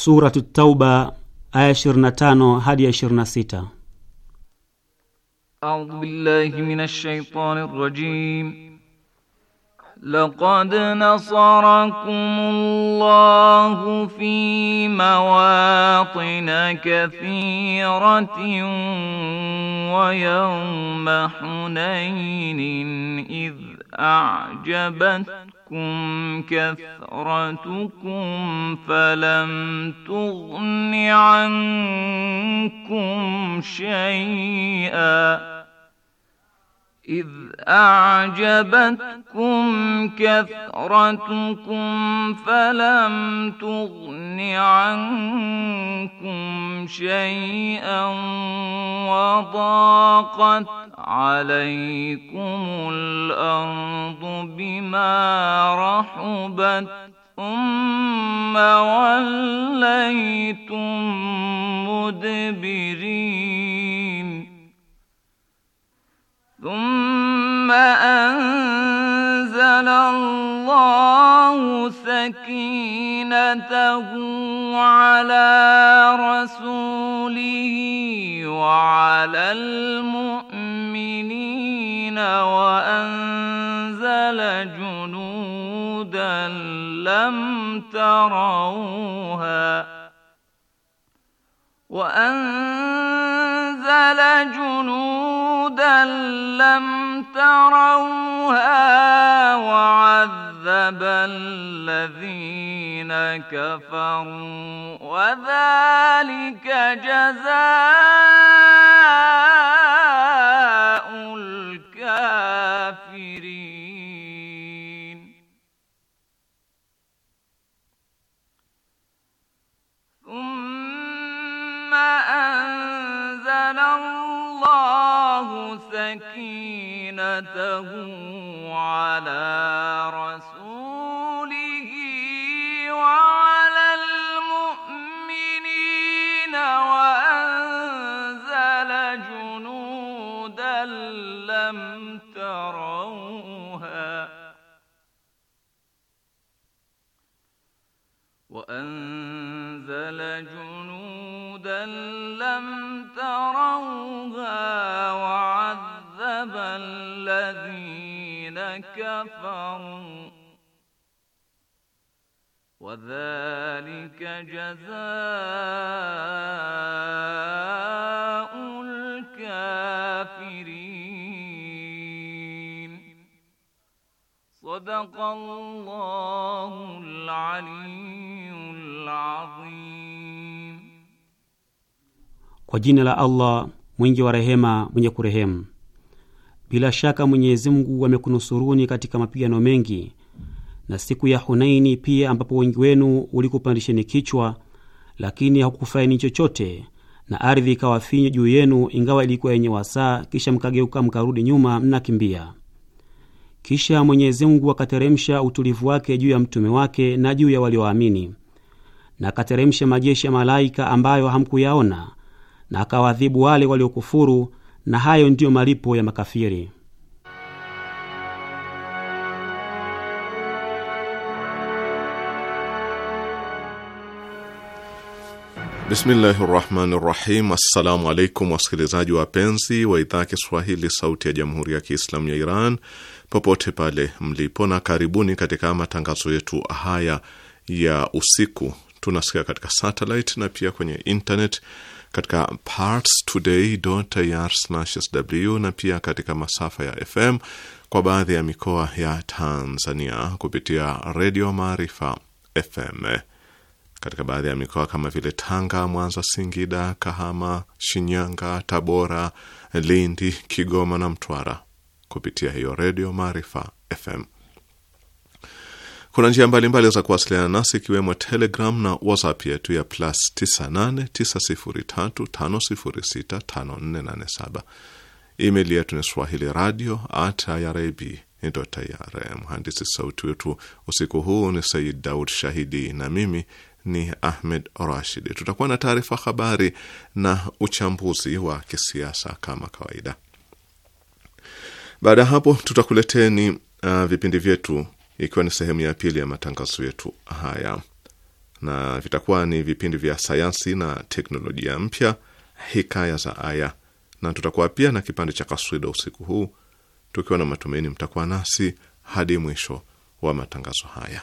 Suratu Tauba aya 25 hadi ya 26. أعوذ بالله من الشيطان الرجيم لقد نصركم الله في مواطن كثيرة ويوم حنين إذ أعجبت غرتكم كثرتكم فلم تغن عنكم شيئا إذ أعجبتكم كثرتكم فلم تغن عنكم شيئا وضاقت عليكم الأرض بما رحبت ثم وليتم مدبرين ثم أنزل الله سكينته على رسوله وعلى المؤمنين وأنزل جنودا لم تروها وأنزل جنودا لم تروها وعذب الذين كفروا وذلك جزاء زينته على رأسه kafaru wadhalika jazaul kafirin. Sadaqallahul aliyyul azim. Kwa jina la Allah mwingi wa rehema mwenye kurehemu. Bila shaka Mwenyezi Mungu amekunusuruni katika mapigano mengi, na siku ya Hunaini pia, ambapo wengi wenu ulikupandisheni kichwa, lakini hakukufaini chochote, na ardhi ikawa finyu juu yenu, ingawa ilikuwa yenye wasaa, kisha mkageuka mkarudi nyuma mnakimbia. Kisha Mwenyezi Mungu akateremsha utulivu wake juu ya mtume wake na juu ya walioamini, na akateremsha majeshi ya malaika ambayo hamkuyaona, na akawadhibu wale waliokufuru na hayo ndiyo malipo ya makafiri. Bismillahi rahmani rahim. Assalamu alaikum wasikilizaji wapenzi wa idhaa Kiswahili sauti ya jamhuri ya Kiislamu ya Iran popote pale mlipo, na karibuni katika matangazo yetu haya ya usiku. Tunasikia katika satellite na pia kwenye internet katika parstoday.ir/sw na pia katika masafa ya FM kwa baadhi ya mikoa ya Tanzania kupitia Redio Maarifa FM katika baadhi ya mikoa kama vile Tanga, Mwanza, Singida, Kahama, Shinyanga, Tabora, Lindi, Kigoma na Mtwara kupitia hiyo Redio Maarifa FM. Kuna njia mbalimbali za kuwasiliana nasi ikiwemo Telegram na WhatsApp yetu ya plus 989035065487. Email yetu ni swahili radio at irib ir. Mhandisi sauti wetu usiku huu ni Said Daud Shahidi na mimi ni Ahmed Rashid. Tutakuwa na taarifa habari na uchambuzi wa kisiasa kama kawaida. Baada ya hapo, tutakuleteni uh, vipindi vyetu ikiwa ni sehemu ya pili ya matangazo yetu haya, na vitakuwa ni vipindi vya sayansi na teknolojia mpya, hikaya za aya, na tutakuwa pia na kipande cha kaswida usiku huu, tukiwa na matumaini mtakuwa nasi hadi mwisho wa matangazo haya.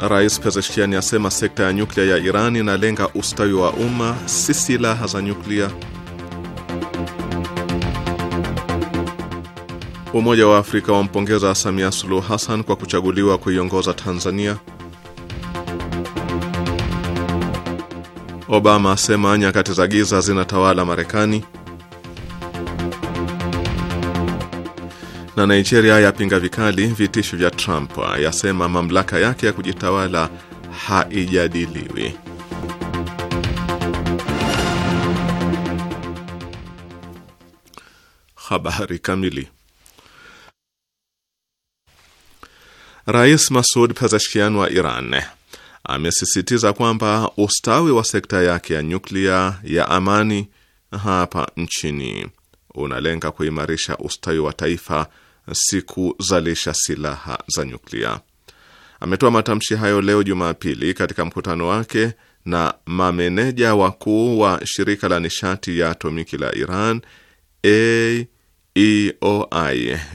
Rais Pezeshkian asema sekta ya nyuklia ya Iran inalenga ustawi wa umma, si silaha za nyuklia. Umoja wa Afrika wampongeza Samia Suluhu Hassan kwa kuchaguliwa kuiongoza Tanzania. Obama asema nyakati za giza zinatawala Marekani. Na Nigeria yapinga vikali vitisho vya Trump, yasema mamlaka yake ya kujitawala haijadiliwi. Habari kamili. Rais Masud Pezeshkian wa Iran amesisitiza kwamba ustawi wa sekta yake ya nyuklia ya amani hapa nchini unalenga kuimarisha ustawi wa taifa si kuzalisha silaha za nyuklia. Ametoa matamshi hayo leo Jumapili katika mkutano wake na mameneja wakuu wa shirika la nishati ya atomiki la Iran AEOI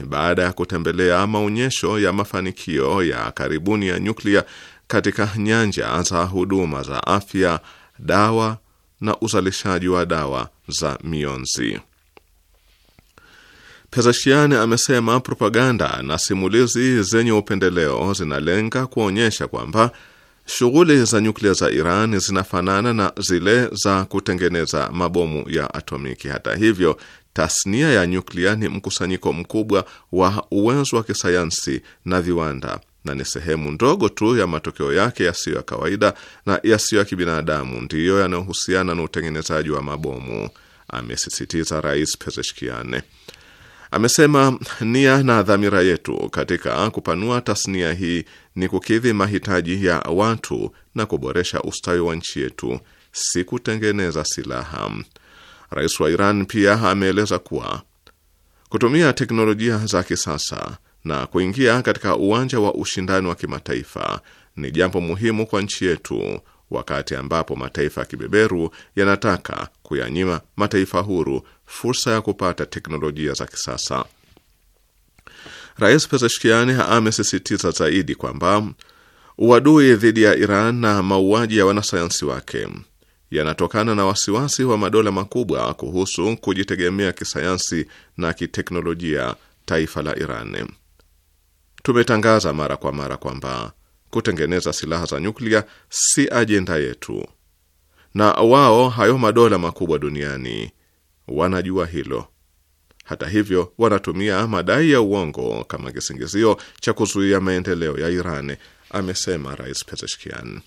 baada ya kutembelea maonyesho ya mafanikio ya karibuni ya nyuklia katika nyanja za huduma za afya, dawa na uzalishaji wa dawa za mionzi. Pezeshkian amesema propaganda na simulizi zenye upendeleo zinalenga kuonyesha kwamba shughuli za nyuklia za Iran zinafanana na zile za kutengeneza mabomu ya atomiki. Hata hivyo, tasnia ya nyuklia ni mkusanyiko mkubwa wa uwezo wa kisayansi na viwanda na ni sehemu ndogo tu ya matokeo yake yasiyo ya kawaida na yasiyo ya kibinadamu ndiyo yanayohusiana na utengenezaji wa mabomu, amesisitiza Rais Pezeshkian. Amesema nia na dhamira yetu katika kupanua tasnia hii ni kukidhi mahitaji ya watu na kuboresha ustawi wa nchi yetu, si kutengeneza silaha. Rais wa Iran pia ameeleza kuwa kutumia teknolojia za kisasa na kuingia katika uwanja wa ushindani wa kimataifa ni jambo muhimu kwa nchi yetu wakati ambapo mataifa ya kibeberu yanataka kuyanyima mataifa huru fursa ya kupata teknolojia za kisasa. Rais Pezeshkian amesisitiza zaidi kwamba uadui dhidi ya Iran na mauaji ya wanasayansi wake yanatokana na wasiwasi wa madola makubwa kuhusu kujitegemea kisayansi na kiteknolojia taifa la Iran. Tumetangaza mara kwa mara kwamba kutengeneza silaha za nyuklia si ajenda yetu, na wao hayo madola makubwa duniani wanajua hilo. Hata hivyo, wanatumia madai ya uongo kama kisingizio cha kuzuia maendeleo ya Iran, amesema Rais Pezeshkian.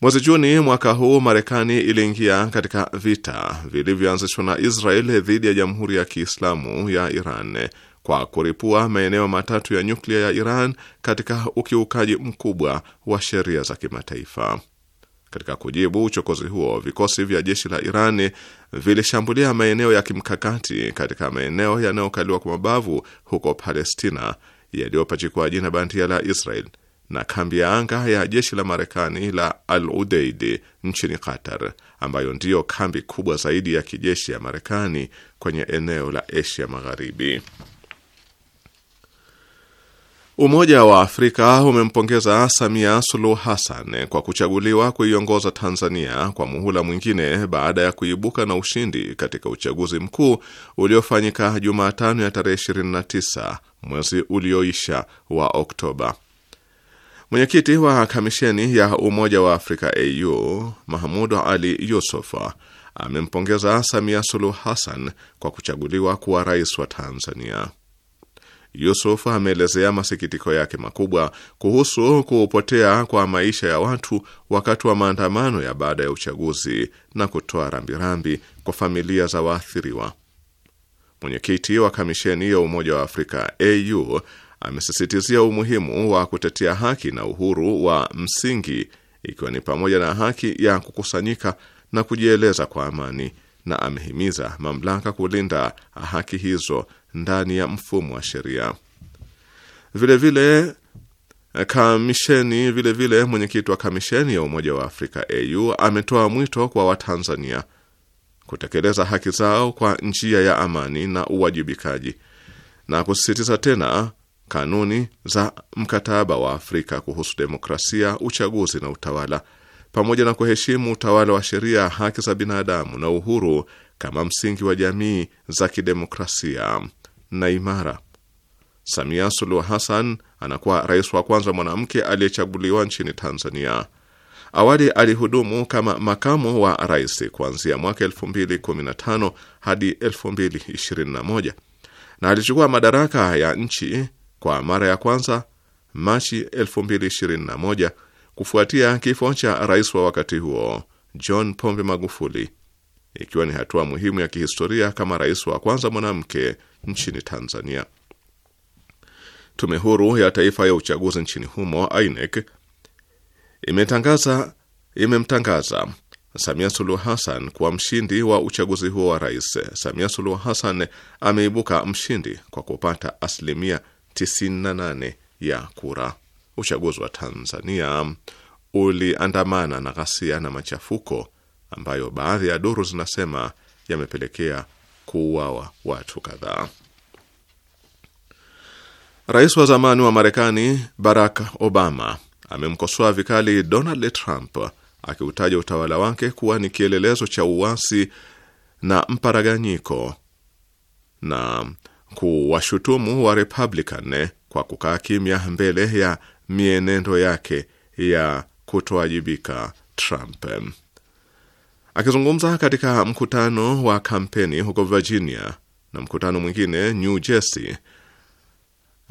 Mwezi Juni mwaka huu Marekani iliingia katika vita vilivyoanzishwa na Israel dhidi ya Jamhuri ya Kiislamu ya Iran kwa kuripua maeneo matatu ya nyuklia ya Iran katika ukiukaji mkubwa wa sheria za kimataifa. Katika kujibu uchokozi huo, vikosi vya jeshi la Iran vilishambulia maeneo ya kimkakati katika maeneo yanayokaliwa kwa mabavu huko Palestina yaliyopachikwa jina bandia la Israel na kambi ya anga ya jeshi la Marekani la Al Udeid nchini Qatar, ambayo ndiyo kambi kubwa zaidi ya kijeshi ya Marekani kwenye eneo la Asia Magharibi. Umoja wa Afrika umempongeza Samia Suluhu Hassan kwa kuchaguliwa kuiongoza Tanzania kwa muhula mwingine baada ya kuibuka na ushindi katika uchaguzi mkuu uliofanyika Jumatano ya tarehe 29 mwezi ulioisha wa Oktoba. Mwenyekiti wa kamisheni ya Umoja wa Afrika AU Mahmud Ali Yusuf amempongeza Samia Suluhu Hassan kwa kuchaguliwa kuwa rais wa Tanzania. Yusuf ameelezea masikitiko yake makubwa kuhusu kupotea kwa maisha ya watu wakati wa maandamano ya baada ya uchaguzi na kutoa rambirambi kwa familia za waathiriwa. Mwenyekiti wa kamisheni ya Umoja wa Afrika AU amesisitizia umuhimu wa kutetea haki na uhuru wa msingi ikiwa ni pamoja na haki ya kukusanyika na kujieleza kwa amani, na amehimiza mamlaka kulinda haki hizo ndani ya mfumo wa sheria. Vilevile kamisheni vilevile, mwenyekiti wa kamisheni ya Umoja wa Afrika AU ametoa mwito kwa Watanzania kutekeleza haki zao kwa njia ya amani na uwajibikaji na kusisitiza tena kanuni za mkataba wa Afrika kuhusu demokrasia, uchaguzi na utawala, pamoja na kuheshimu utawala wa sheria, haki za binadamu na uhuru kama msingi wa jamii za kidemokrasia na imara. Samia Suluhu Hassan anakuwa rais wa kwanza mwanamke aliyechaguliwa nchini Tanzania. Awali alihudumu kama makamu wa rais kuanzia mwaka 2015 hadi 2021 na alichukua madaraka ya nchi kwa mara ya kwanza Machi 2021 kufuatia kifo cha rais wa wakati huo John Pombe Magufuli ikiwa ni hatua muhimu ya kihistoria kama rais wa kwanza mwanamke nchini Tanzania. Tume huru ya taifa ya uchaguzi nchini humo INEC imetangaza imemtangaza Samia Suluhu Hassan kuwa mshindi wa uchaguzi huo wa rais. Samia Suluhu Hassan ameibuka mshindi kwa kupata asilimia 98 ya kura. Uchaguzi wa Tanzania uliandamana na ghasia na machafuko ambayo baadhi ya duru zinasema yamepelekea kuuawa watu kadhaa. Rais wa zamani wa Marekani Barack Obama amemkosoa vikali Donald Trump akiutaja utawala wake kuwa ni kielelezo cha uasi na mparaganyiko na kuwashutumu wa Republican kwa kukaa kimya mbele ya mienendo yake ya kutowajibika Trump. Akizungumza katika mkutano wa kampeni huko Virginia na mkutano mwingine New Jersey,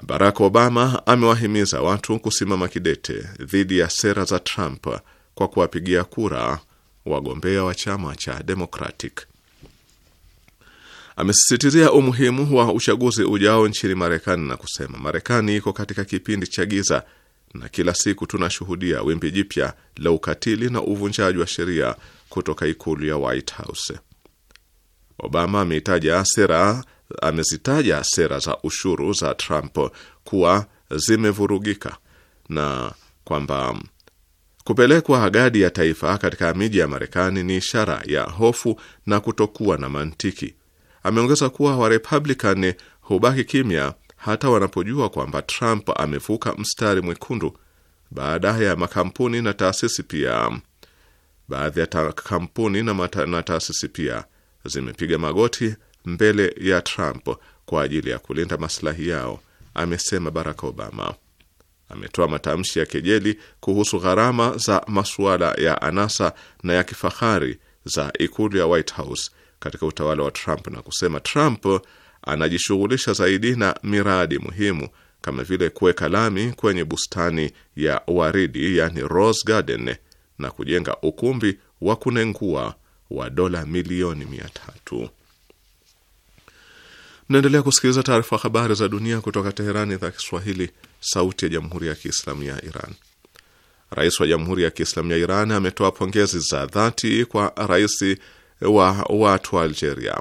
Barack Obama amewahimiza watu kusimama kidete dhidi ya sera za Trump kwa kuwapigia kura wagombea wa chama cha Democratic. Amesisitizia umuhimu wa uchaguzi ujao nchini Marekani na kusema Marekani iko katika kipindi cha giza na kila siku tunashuhudia wimbi jipya la ukatili na uvunjaji wa sheria kutoka ikulu ya White House. Obama ameitaja sera amezitaja sera za ushuru za Trump kuwa zimevurugika na kwamba kupelekwa hagadi ya taifa katika miji ya Marekani ni ishara ya hofu na kutokuwa na mantiki. Ameongeza kuwa Warepublican hubaki kimya hata wanapojua kwamba Trump amevuka mstari mwekundu. Baada ya makampuni na taasisi pia Baadhi ya kampuni na taasisi pia zimepiga magoti mbele ya Trump kwa ajili ya kulinda maslahi yao, amesema Barack Obama. Ametoa matamshi ya kejeli kuhusu gharama za masuala ya anasa na ya kifahari za ikulu ya White House katika utawala wa Trump na kusema Trump anajishughulisha zaidi na miradi muhimu kama vile kuweka lami kwenye bustani ya waridi, yani Rose Garden, na kujenga ukumbi wa kunengua wa dola milioni mia tatu. Mnaendelea kusikiliza taarifa habari za dunia kutoka Teherani, idhaa Kiswahili, sauti ya jamhuri ya kiislamu ya Iran. Rais wa jamhuri ya kiislamu ya Iran ametoa pongezi za dhati kwa rais wa watu wa Algeria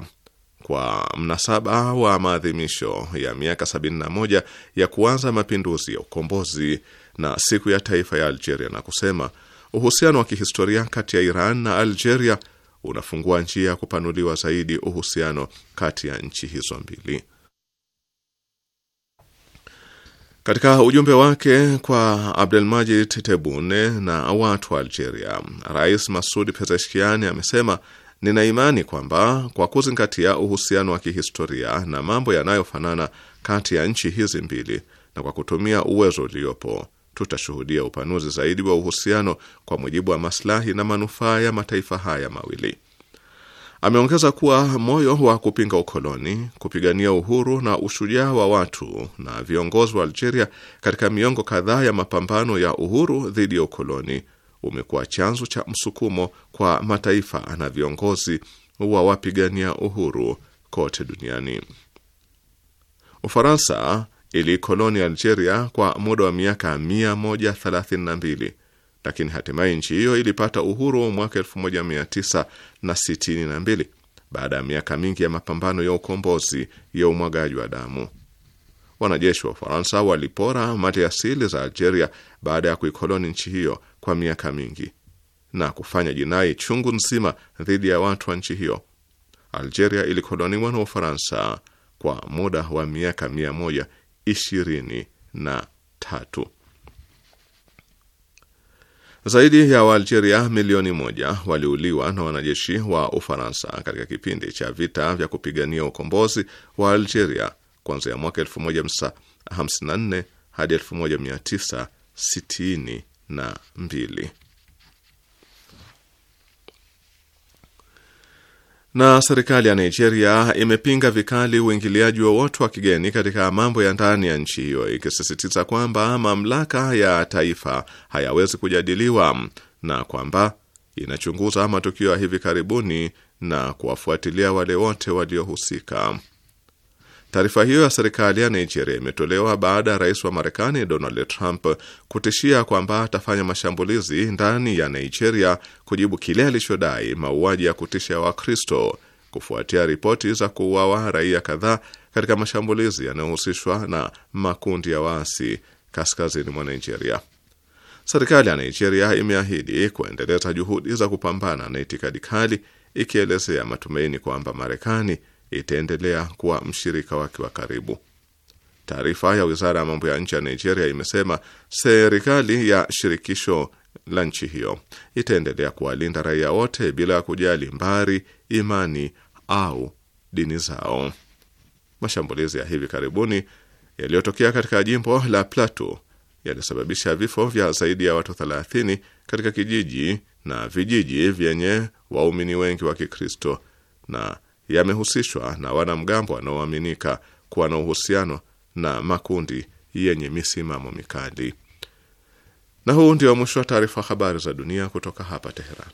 kwa mnasaba wa maadhimisho ya miaka 71 ya kuanza mapinduzi ya ukombozi na siku ya taifa ya Algeria na kusema Uhusiano wa kihistoria kati ya Iran na Algeria unafungua njia ya kupanuliwa zaidi uhusiano kati ya nchi hizo mbili. Katika ujumbe wake kwa Abdelmajid tebune na watu wa Algeria, Rais Masud Pezeshkian amesema nina imani kwamba kwa kuzingatia uhusiano wa kihistoria na mambo yanayofanana kati ya nchi hizi mbili na kwa kutumia uwezo uliopo tutashuhudia upanuzi zaidi wa uhusiano kwa mujibu wa maslahi na manufaa ya mataifa haya mawili. Ameongeza kuwa moyo wa kupinga ukoloni, kupigania uhuru na ushujaa wa watu na viongozi wa Algeria katika miongo kadhaa ya mapambano ya uhuru dhidi ya ukoloni umekuwa chanzo cha msukumo kwa mataifa na viongozi wa wapigania uhuru kote duniani. Ufaransa iliikoloni Algeria kwa muda wa miaka 132 lakini hatimaye nchi hiyo ilipata uhuru mwaka 1962 baada ya miaka mingi ya mapambano ya ukombozi ya umwagaji wa damu. Wanajeshi wa Ufaransa walipora mali asili za Algeria baada ya kuikoloni nchi hiyo kwa miaka mingi na kufanya jinai chungu nzima dhidi ya watu wa nchi hiyo. Algeria ilikoloniwa na Ufaransa kwa muda wa miaka mia moja ishirini na tatu. Zaidi ya Waalgeria milioni moja waliuliwa na wanajeshi wa Ufaransa katika kipindi cha vita vya kupigania ukombozi wa Algeria kuanzia mwaka 1954 hadi 1962. Na serikali ya Nigeria imepinga vikali uingiliaji wowote wa kigeni katika mambo ya ndani ya nchi hiyo, ikisisitiza kwamba mamlaka ya taifa hayawezi kujadiliwa na kwamba inachunguza matukio ya hivi karibuni na kuwafuatilia wale wote waliohusika. Taarifa hiyo ya serikali ya Nigeria imetolewa baada ya rais wa Marekani Donald Trump kutishia kwamba atafanya mashambulizi ndani ya Nigeria kujibu kile alichodai mauaji ya kutisha Wakristo kufuatia ripoti za kuuawa raia kadhaa katika mashambulizi yanayohusishwa na makundi ya waasi kaskazini mwa Nigeria. Serikali ya Nigeria imeahidi kuendeleza juhudi za kupambana na itikadi kali, ikielezea matumaini kwamba Marekani itaendelea kuwa mshirika wake wa karibu. Taarifa ya wizara ya mambo ya nje ya Nigeria imesema serikali ya shirikisho la nchi hiyo itaendelea kuwalinda raia wote bila ya kujali mbari, imani au dini zao. Mashambulizi ya hivi karibuni yaliyotokea katika jimbo la Plateau yalisababisha vifo vya zaidi ya watu 30 katika kijiji na vijiji vyenye waumini wengi wa Kikristo na yamehusishwa na wanamgambo wanaoaminika kuwa na uhusiano na makundi yenye misimamo mikali. Na huu ndio mwisho wa taarifa habari za dunia kutoka hapa Teheran.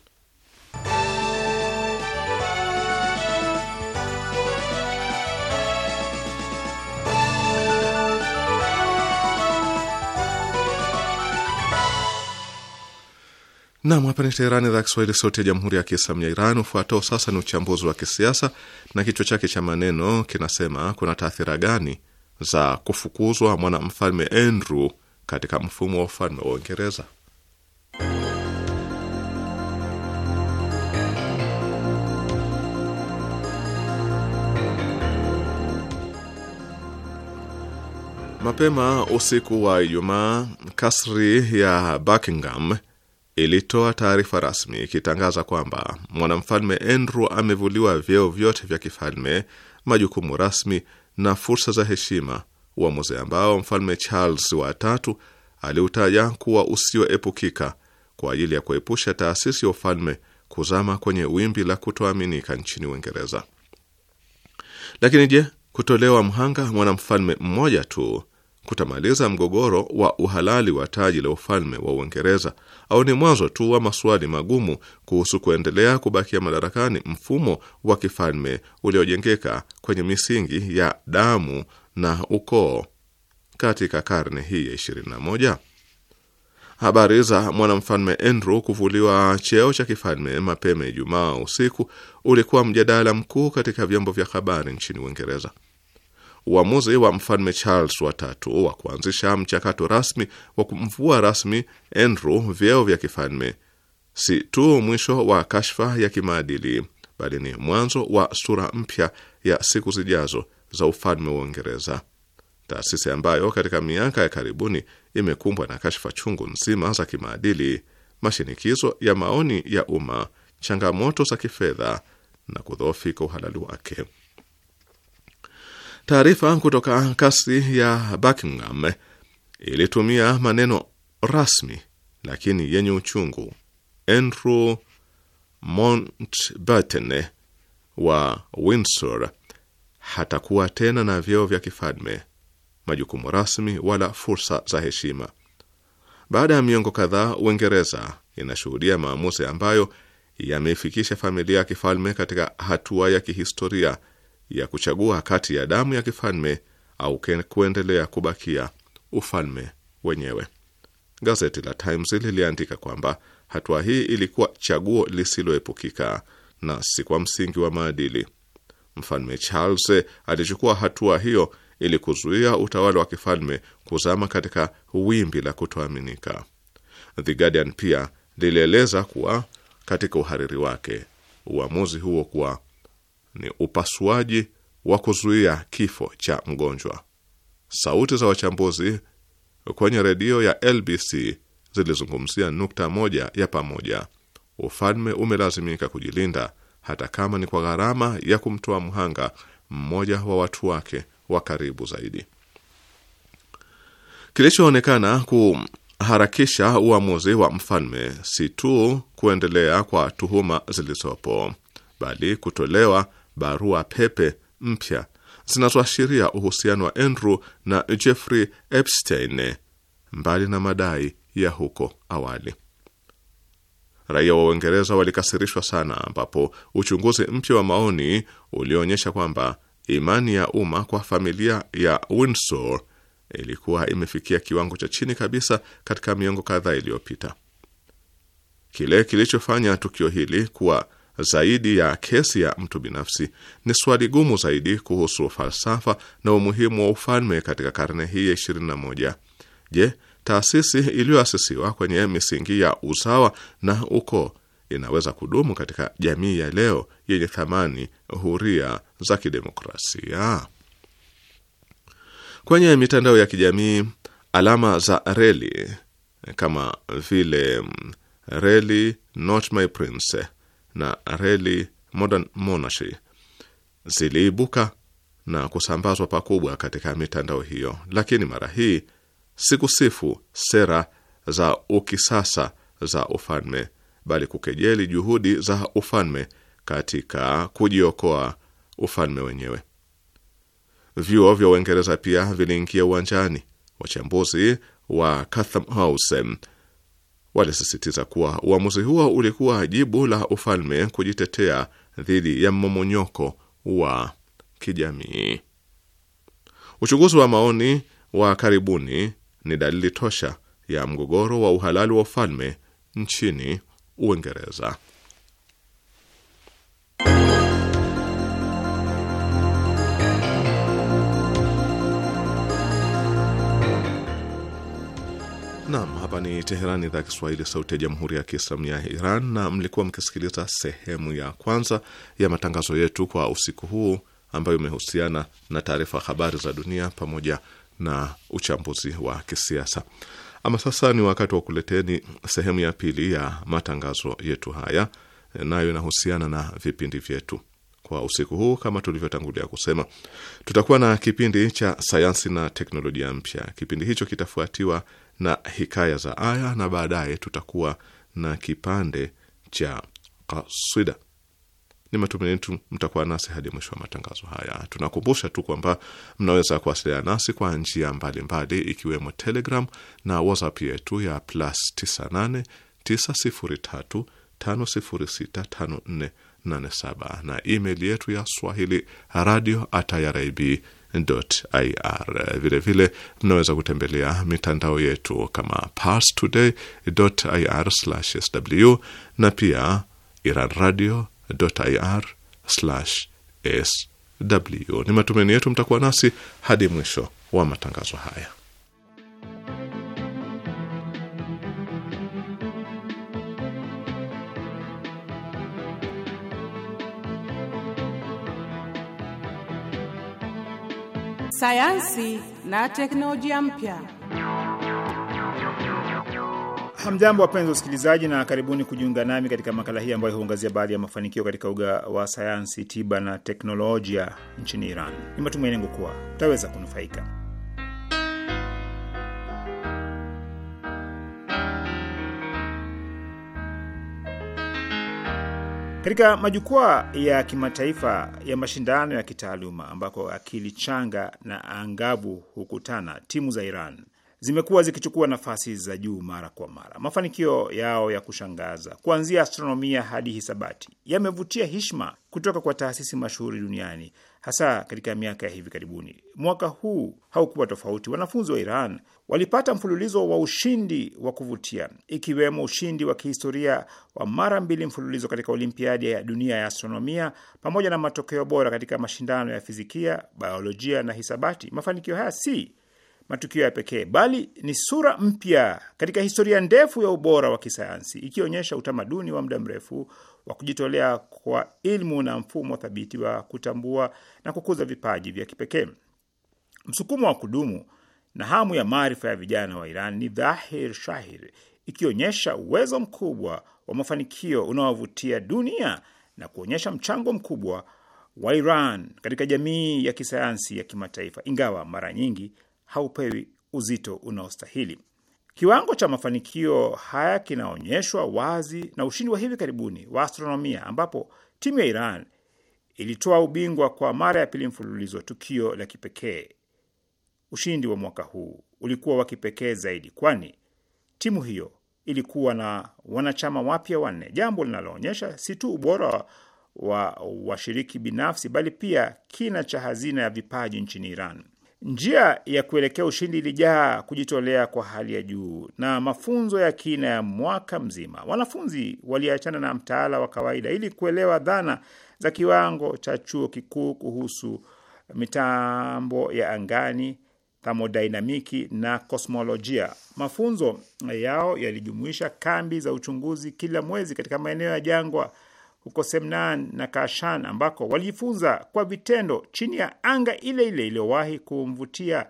Nam, hapa ni Teherani, idhaa Kiswahili, sauti ya jamhuri ya kiislamu ya Iran. Ufuatao sasa ni uchambuzi wa kisiasa na kichwa chake cha maneno kinasema: kuna taathira gani za kufukuzwa mwanamfalme Andrew katika mfumo wa ufalme wa Uingereza? Mapema usiku wa Ijumaa, kasri ya Buckingham ilitoa taarifa rasmi ikitangaza kwamba mwanamfalme Andrew amevuliwa vyeo vyote vya kifalme, majukumu rasmi na fursa za heshima, uamuzi ambao mfalme Charles wa tatu aliutaja kuwa usioepukika kwa ajili ya kuepusha taasisi ya ufalme kuzama kwenye wimbi la kutoaminika nchini Uingereza. Lakini je, kutolewa mhanga mwanamfalme mmoja tu kutamaliza mgogoro wa uhalali wa taji la ufalme wa Uingereza au ni mwanzo tu wa maswali magumu kuhusu kuendelea kubakia madarakani mfumo wa kifalme uliojengeka kwenye misingi ya damu na ukoo katika karne hii ya 21? Habari za mwanamfalme Andrew kuvuliwa cheo cha kifalme mapema Ijumaa usiku ulikuwa mjadala mkuu katika vyombo vya habari nchini Uingereza uamuzi wa mfalme Charles watatu wa kuanzisha mchakato rasmi wa kumvua rasmi Andrew vyeo vya kifalme si tu mwisho wa kashfa ya kimaadili, bali ni mwanzo wa sura mpya ya siku zijazo za ufalme wa Uingereza, taasisi ambayo katika miaka ya karibuni imekumbwa na kashfa chungu nzima za kimaadili, mashinikizo ya maoni ya umma, changamoto za kifedha na kudhoofika uhalali wake. Taarifa kutoka kasi ya Buckingham ilitumia maneno rasmi lakini yenye uchungu. Andrew Mountbatten wa Windsor hatakuwa tena na vyeo vya kifalme, majukumu rasmi, wala fursa za heshima. Baada ya miongo kadhaa, Uingereza inashuhudia maamuzi ambayo yameifikisha familia ya kifalme katika hatua ya kihistoria ya kuchagua kati ya damu ya kifalme au kuendelea kubakia ufalme wenyewe. Gazeti la Times liliandika kwamba hatua hii ilikuwa chaguo lisiloepukika na si kwa msingi wa maadili. Mfalme Charles alichukua hatua hiyo ili kuzuia utawala wa kifalme kuzama katika wimbi la kutoaminika. The Guardian pia lilieleza kuwa katika uhariri wake uamuzi huo kuwa ni upasuaji wa kuzuia kifo cha mgonjwa. Sauti za wachambuzi kwenye redio ya LBC zilizungumzia nukta moja ya pamoja: ufalme umelazimika kujilinda hata kama ni kwa gharama ya kumtoa mhanga mmoja wa watu wake wa karibu zaidi. Kilichoonekana kuharakisha uamuzi wa mfalme si tu kuendelea kwa tuhuma zilizopo, bali kutolewa barua pepe mpya zinazoashiria uhusiano wa Andrew na Jeffrey Epstein, mbali na madai ya huko awali. Raia wa Uingereza walikasirishwa sana, ambapo uchunguzi mpya wa maoni ulionyesha kwamba imani ya umma kwa familia ya Windsor ilikuwa imefikia kiwango cha chini kabisa katika miongo kadhaa iliyopita. Kile kilichofanya tukio hili kuwa zaidi ya kesi ya mtu binafsi, ni swali gumu zaidi kuhusu falsafa na umuhimu wa ufalme katika karne hii ya 21. Je, taasisi iliyoasisiwa kwenye misingi ya usawa na ukoo inaweza kudumu katika jamii ya leo yenye thamani huria za kidemokrasia? Kwenye mitandao ya kijamii alama za reli kama vile reli not my prince na reli Modern Monashi ziliibuka na kusambazwa pakubwa katika mitandao hiyo, lakini mara hii sikusifu sera za ukisasa za ufalme, bali kukejeli juhudi za ufalme katika kujiokoa ufalme wenyewe. Vyuo vya Uingereza pia viliingia uwanjani. Wachambuzi wa Chatham House walisisitiza kuwa uamuzi huo ulikuwa jibu la ufalme kujitetea dhidi ya mmomonyoko wa kijamii. Uchunguzi wa maoni wa karibuni ni dalili tosha ya mgogoro wa uhalali wa ufalme nchini Uingereza. Hapa ni Teherani, idhaa Kiswahili, sauti ya jamhuri ya kiislamu ya Iran, na mlikuwa mkisikiliza sehemu ya kwanza ya matangazo yetu kwa usiku huu ambayo imehusiana na taarifa habari za dunia pamoja na uchambuzi wa kisiasa. Ama sasa ni wakati wa kuleteni sehemu ya pili ya matangazo yetu haya, nayo inahusiana na vipindi vyetu kwa usiku huu. Kama tulivyotangulia kusema, tutakuwa na kipindi cha sayansi na teknolojia mpya. Kipindi hicho kitafuatiwa na hikaya za aya na baadaye tutakuwa na kipande cha kaswida Ni matumaini yetu mtakuwa nasi hadi mwisho wa matangazo haya. Tunakumbusha tu kwamba mnaweza kuwasiliana nasi kwa njia mbalimbali, ikiwemo Telegram na WhatsApp yetu ya plus 98 903 506 5487 na email yetu ya swahili radio at ir. Vilevile mnaweza kutembelea mitandao yetu kama Parstoday ir sw na pia Iran radio ir sw. Ni matumaini yetu mtakuwa nasi hadi mwisho wa matangazo haya. sayansi na teknolojia mpya. Hamjambo, wapenzi wasikilizaji, na karibuni kujiunga nami katika makala hii ambayo huangazia baadhi ya mafanikio katika uga wa sayansi, tiba na teknolojia nchini Iran. Ni matumaini yangu kuwa utaweza kunufaika. katika majukwaa ya kimataifa ya mashindano ya kitaaluma ambako akili changa na angavu hukutana, timu za Iran zimekuwa zikichukua nafasi za juu mara kwa mara. Mafanikio yao ya kushangaza kuanzia astronomia hadi hisabati yamevutia heshima kutoka kwa taasisi mashuhuri duniani hasa katika miaka ya hivi karibuni. Mwaka huu haukuwa tofauti. Wanafunzi wa Iran walipata mfululizo wa ushindi wa kuvutia, ikiwemo ushindi wa kihistoria wa mara mbili mfululizo katika Olimpiadi ya dunia ya astronomia pamoja na matokeo bora katika mashindano ya fizikia, biolojia na hisabati. Mafanikio haya si matukio ya pekee bali ni sura mpya katika historia ndefu ya ubora wa kisayansi, ikionyesha utamaduni wa muda mrefu wa kujitolea kwa ilmu na mfumo thabiti wa kutambua na kukuza vipaji vya kipekee. Msukumo wa kudumu na hamu ya maarifa ya vijana wa Iran ni dhahir shahir, ikionyesha uwezo mkubwa wa mafanikio unaovutia dunia na kuonyesha mchango mkubwa wa Iran katika jamii ya kisayansi ya kimataifa, ingawa mara nyingi haupewi uzito unaostahili. Kiwango cha mafanikio haya kinaonyeshwa wazi na ushindi wa hivi karibuni wa astronomia ambapo timu ya Iran ilitoa ubingwa kwa mara ya pili mfululizo, tukio la kipekee. Ushindi wa mwaka huu ulikuwa wa kipekee zaidi, kwani timu hiyo ilikuwa na wanachama wapya wanne, jambo linaloonyesha si tu ubora wa washiriki binafsi bali pia kina cha hazina ya vipaji nchini Iran. Njia ya kuelekea ushindi ilijaa kujitolea kwa hali ya juu na mafunzo ya kina ya mwaka mzima. Wanafunzi waliachana na mtaala wa kawaida ili kuelewa dhana za kiwango cha chuo kikuu kuhusu mitambo ya angani, thermodinamiki na kosmolojia. Mafunzo yao yalijumuisha kambi za uchunguzi kila mwezi katika maeneo ya jangwa huko Semnan na Kashan ambako walijifunza kwa vitendo chini ya anga ile ile iliyowahi kumvutia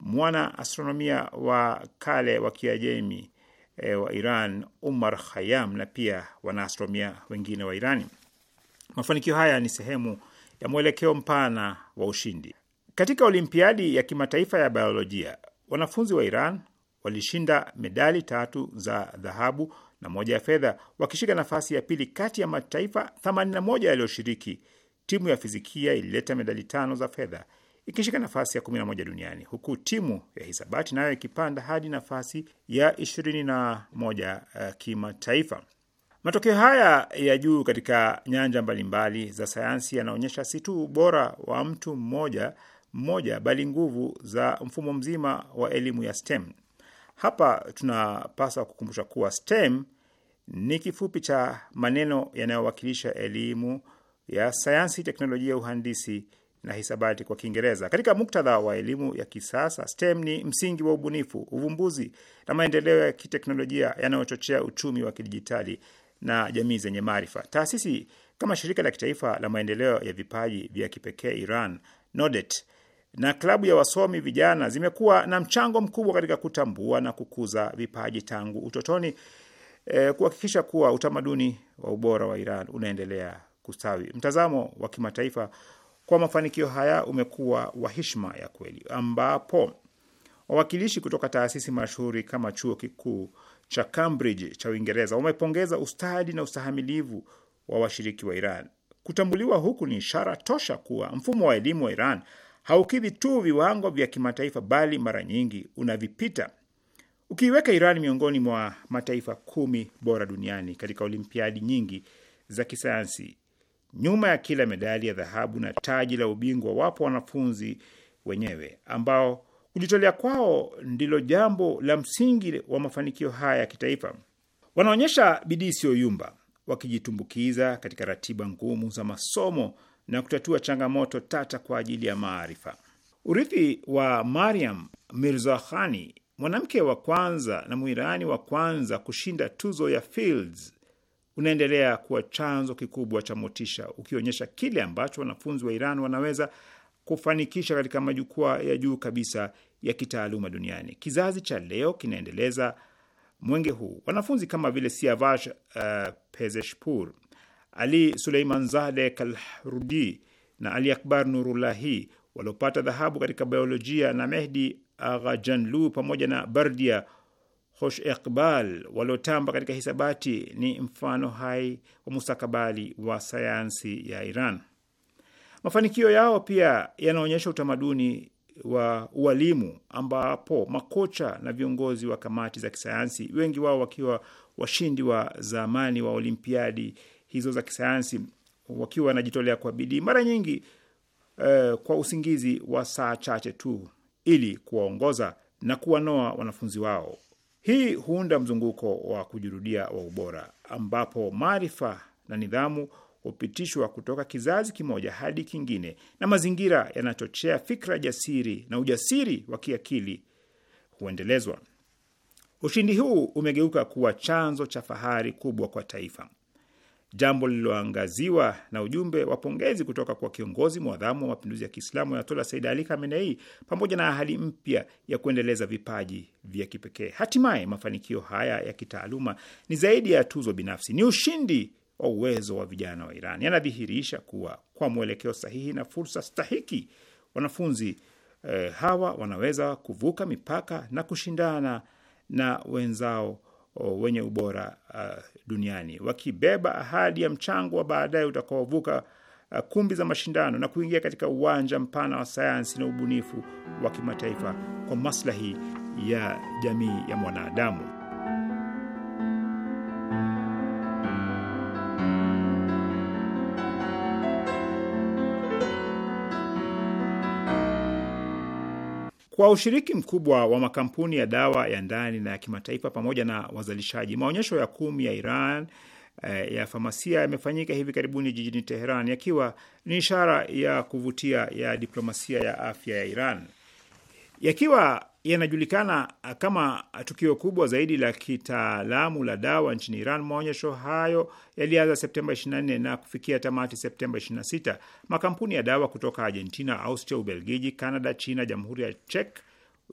mwana astronomia wa kale wa Kiajemi e, wa Iran Umar Khayyam na pia wanaastronomia wengine wa Irani. Mafanikio haya ni sehemu ya mwelekeo mpana wa ushindi katika olimpiadi ya kimataifa ya biolojia. Wanafunzi wa Iran walishinda medali tatu za dhahabu na moja ya fedha, wakishika nafasi ya pili kati ya mataifa 81 yaliyoshiriki. Timu ya fizikia ilileta medali tano za fedha ikishika nafasi ya 11 duniani, huku timu ya hisabati nayo ikipanda hadi nafasi ya 21 uh, eh, kimataifa. Matokeo haya ya juu katika nyanja mbalimbali mbali za sayansi yanaonyesha si tu ubora wa mtu mmoja mmoja, bali nguvu za mfumo mzima wa elimu ya STEM. Hapa tunapaswa kukumbusha kuwa STEM ni kifupi cha maneno yanayowakilisha elimu ya sayansi, teknolojia, uhandisi na hisabati kwa Kiingereza. Katika muktadha wa elimu ya kisasa, STEM ni msingi wa ubunifu, uvumbuzi na maendeleo ya kiteknolojia yanayochochea uchumi wa kidijitali na jamii zenye maarifa. Taasisi kama shirika la kitaifa la maendeleo ya vipaji vya kipekee Iran, NODET, na klabu ya wasomi vijana zimekuwa na mchango mkubwa katika kutambua na kukuza vipaji tangu utotoni e, kuhakikisha kuwa utamaduni wa ubora wa Iran unaendelea kustawi. Mtazamo wa kimataifa kwa mafanikio haya umekuwa wa heshima ya kweli, ambapo wawakilishi kutoka taasisi mashuhuri kama chuo kikuu cha Cambridge cha Uingereza wamepongeza ustadi na ustahamilivu wa washiriki wa Iran. Kutambuliwa huku ni ishara tosha kuwa mfumo wa elimu wa Iran haukidhi tu viwango vya kimataifa, bali mara nyingi unavipita ukiiweka Iran miongoni mwa mataifa kumi bora duniani katika olimpiadi nyingi za kisayansi. Nyuma ya kila medali ya dhahabu na taji la ubingwa, wapo wanafunzi wenyewe ambao kujitolea kwao ndilo jambo la msingi wa mafanikio haya ya kitaifa. Wanaonyesha bidii isiyoyumba, wakijitumbukiza katika ratiba ngumu za masomo na kutatua changamoto tata kwa ajili ya maarifa. Urithi wa Mariam Mirzakhani mwanamke wa kwanza na Mwirani wa kwanza kushinda tuzo ya Fields unaendelea kuwa chanzo kikubwa cha motisha, ukionyesha kile ambacho wanafunzi wa Iran wanaweza kufanikisha katika majukwaa ya juu kabisa ya kitaaluma duniani. Kizazi cha leo kinaendeleza mwenge huu. Wanafunzi kama vile Siavash uh, Pezeshpur, Ali Suleiman Zade Kalhrudi na Ali Akbar Nurulahi waliopata dhahabu katika biolojia na Mehdi Aghajanlu pamoja na Bardia Hosh ekbal waliotamba katika hisabati ni mfano hai wa mustakabali wa sayansi ya Iran. Mafanikio yao pia yanaonyesha utamaduni wa ualimu ambapo makocha na viongozi wa kamati za kisayansi, wengi wao wakiwa washindi wa zamani wa olimpiadi hizo za kisayansi, wakiwa wanajitolea kwa bidii, mara nyingi eh, kwa usingizi wa saa chache tu ili kuwaongoza na kuwanoa wanafunzi wao. Hii huunda mzunguko wa kujirudia wa ubora, ambapo maarifa na nidhamu hupitishwa kutoka kizazi kimoja hadi kingine, na mazingira yanachochea fikra jasiri na ujasiri wa kiakili huendelezwa. Ushindi huu umegeuka kuwa chanzo cha fahari kubwa kwa taifa jambo lililoangaziwa na ujumbe wa pongezi kutoka kwa kiongozi mwadhamu wa mapinduzi ya Kiislamu Ayatollah Said Ali Khamenei, pamoja na ahadi mpya ya kuendeleza vipaji vya kipekee. Hatimaye mafanikio haya ya kitaaluma ni zaidi ya tuzo binafsi, ni ushindi wa uwezo wa vijana wa Iran. Yanadhihirisha kuwa kwa mwelekeo sahihi na fursa stahiki, wanafunzi eh, hawa wanaweza kuvuka mipaka na kushindana na wenzao oh, wenye ubora uh, duniani wakibeba ahadi ya mchango wa baadaye utakaovuka uh, kumbi za mashindano na kuingia katika uwanja mpana wa sayansi na ubunifu wa kimataifa kwa maslahi ya jamii ya mwanadamu. Kwa ushiriki mkubwa wa makampuni ya dawa ya ndani na ya kimataifa pamoja na wazalishaji, maonyesho ya kumi ya Iran eh, ya famasia yamefanyika hivi karibuni jijini Teheran, yakiwa ni ishara ya kuvutia ya diplomasia ya afya ya Iran, yakiwa yanajulikana kama tukio kubwa zaidi la kitaalamu la dawa nchini Iran. Maonyesho hayo yalianza Septemba 24 na kufikia tamati Septemba 26. Makampuni ya dawa kutoka Argentina, Austria, Ubelgiji, Canada, China, Jamhuri ya Czech,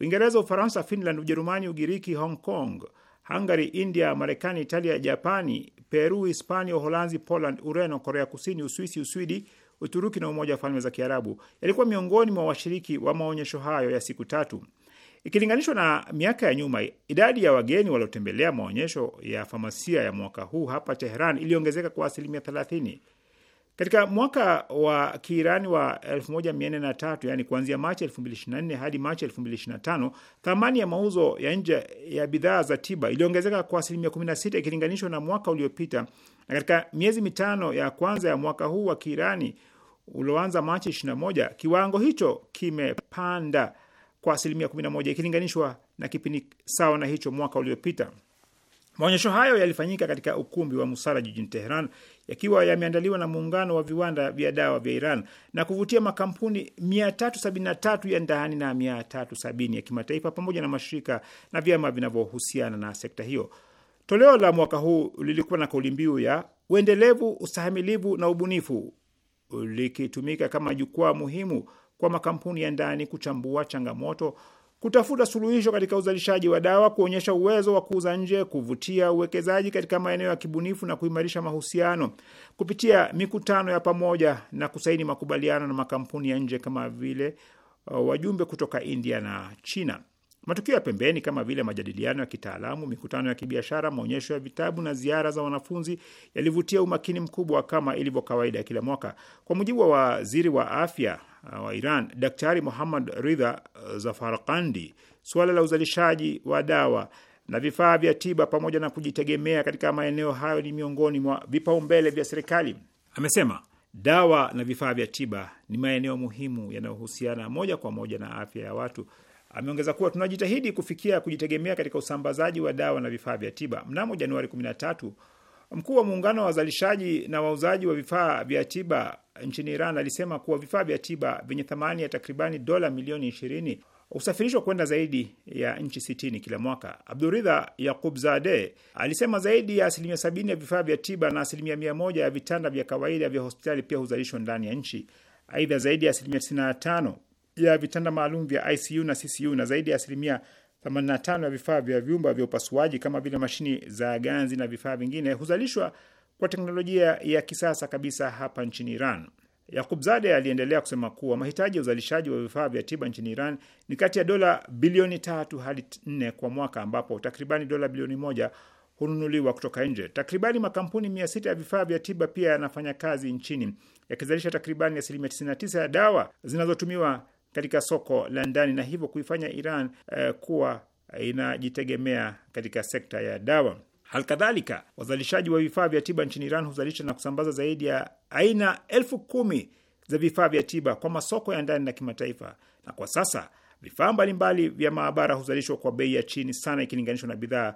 Uingereza, Ufaransa, Finland, Ujerumani, Ugiriki, Hong Kong, Hungary, India, Marekani, Italia, Japani, Peru, Hispania, Uholanzi, Poland, Ureno, Korea Kusini, Uswisi, Uswidi, Uturuki na Umoja wa Falme za Kiarabu yalikuwa miongoni mwa washiriki wa maonyesho hayo ya siku tatu. Ikilinganishwa na miaka ya nyuma, idadi ya wageni waliotembelea maonyesho ya famasia ya mwaka huu hapa Teheran iliongezeka kwa asilimia 30. Katika mwaka wa Kiirani wa 1403 yani kuanzia Machi 2024 hadi Machi 2025, thamani ya mauzo ya nje ya bidhaa za tiba iliongezeka kwa asilimia 16 ikilinganishwa na mwaka uliopita, na katika miezi mitano ya kwanza ya mwaka huu wa Kiirani ulioanza Machi 21, kiwango hicho kimepanda kwa asilimia 11 ikilinganishwa na kipindi sawa na hicho mwaka uliopita. Maonyesho hayo yalifanyika katika ukumbi wa Musara jijini Teheran, yakiwa yameandaliwa na muungano wa viwanda vya dawa vya Iran na kuvutia makampuni 373 ya ndani na 370 ya kimataifa pamoja na mashirika na vyama vinavyohusiana na sekta hiyo. Toleo la mwaka huu lilikuwa na kauli mbiu ya uendelevu, ustahamilivu na ubunifu, likitumika kama jukwaa muhimu kwa makampuni ya ndani kuchambua changamoto, kutafuta suluhisho katika uzalishaji wa dawa, kuonyesha uwezo wa kuuza nje, kuvutia uwekezaji katika maeneo ya kibunifu na kuimarisha mahusiano kupitia mikutano ya pamoja na kusaini makubaliano na makampuni ya nje kama vile uh, wajumbe kutoka India na China. Matukio ya pembeni kama vile majadiliano ya kitaalamu, mikutano ya kibiashara, maonyesho ya vitabu na ziara za wanafunzi yalivutia umakini mkubwa kama ilivyo kawaida ya kila mwaka. Kwa mujibu wa waziri wa afya uh, wa Iran, Daktari Muhammad Ridha uh, Zafarkandi, suala la uzalishaji wa dawa na vifaa vya tiba pamoja na kujitegemea katika maeneo hayo ni miongoni mwa vipaumbele vya serikali. Amesema dawa na vifaa vya tiba ni maeneo muhimu yanayohusiana moja kwa moja na afya ya watu Ameongeza kuwa tunajitahidi kufikia kujitegemea katika usambazaji wa dawa na vifaa vya tiba. Mnamo Januari 13 mkuu wa muungano wa wazalishaji na wauzaji wa vifaa vya tiba nchini Iran alisema kuwa vifaa vya tiba vyenye thamani ya takribani dola milioni 20 husafirishwa kwenda zaidi ya nchi 60 kila mwaka. Abduridha Yaqub Zade alisema zaidi ya asilimia sabini ya vifaa vya tiba na asilimia mia moja ya vitanda vya kawaida vya hospitali pia huzalishwa ndani ya nchi. Aidha, zaidi ya asilimia 95 ya vitanda maalum vya ICU na CCU na zaidi ya asilimia 85 ya vifaa vya vyumba vya upasuaji kama vile mashini za ganzi na vifaa vingine huzalishwa kwa teknolojia ya kisasa kabisa hapa nchini Iran. zade aliendelea kusema kuwa mahitaji ya uzalishaji wa vifaa vya tiba nchini Iran ni kati ya dola bilioni tatu hadi nne kwa mwaka, ambapo takribani dola bilioni moja hununuliwa kutoka nje. Takribani makampuni mia sita ya vifaa vya tiba pia yanafanya kazi nchini yakizalisha takribani asilimia 99 ya dawa zinazotumiwa katika soko la ndani na hivyo kuifanya Iran uh, kuwa inajitegemea katika sekta ya dawa. Halikadhalika, wazalishaji wa vifaa vya tiba nchini Iran huzalisha na kusambaza zaidi ya aina elfu kumi za vifaa vya tiba kwa masoko ya ndani na kimataifa, na kwa sasa vifaa mbalimbali vya maabara huzalishwa kwa bei ya chini sana ikilinganishwa na bidhaa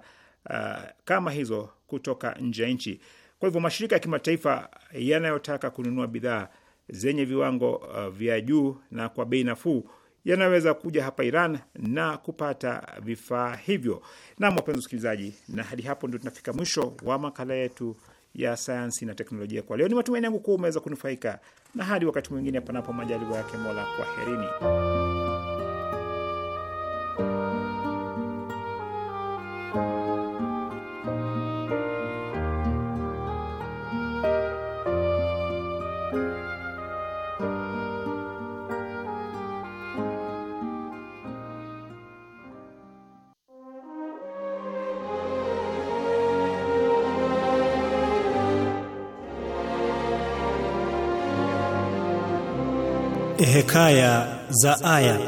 uh, kama hizo kutoka nje ya nchi. Kwa hivyo mashirika ya kimataifa yanayotaka kununua bidhaa zenye viwango uh, vya juu na kwa bei nafuu yanaweza kuja hapa Iran na kupata vifaa hivyo. Na wapenzi wasikilizaji, na hadi hapo ndio tunafika mwisho wa makala yetu ya sayansi na teknolojia kwa leo. Ni matumaini yangu kuwa umeweza kunufaika, na hadi wakati mwingine, panapo majaliwa yake Mola, kwaherini. Hekaya za Aya.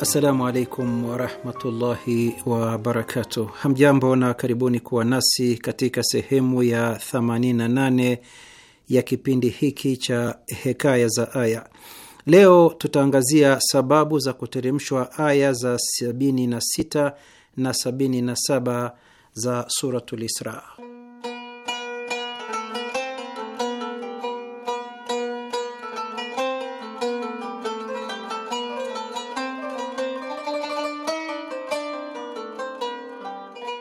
Assalamu alaikum warahmatullahi wabarakatuh. Hamjambo na karibuni kuwa nasi katika sehemu ya 88 ya kipindi hiki cha Hekaya za Aya. Leo tutaangazia sababu za kuteremshwa aya za 76 na 77 za Suratul Isra.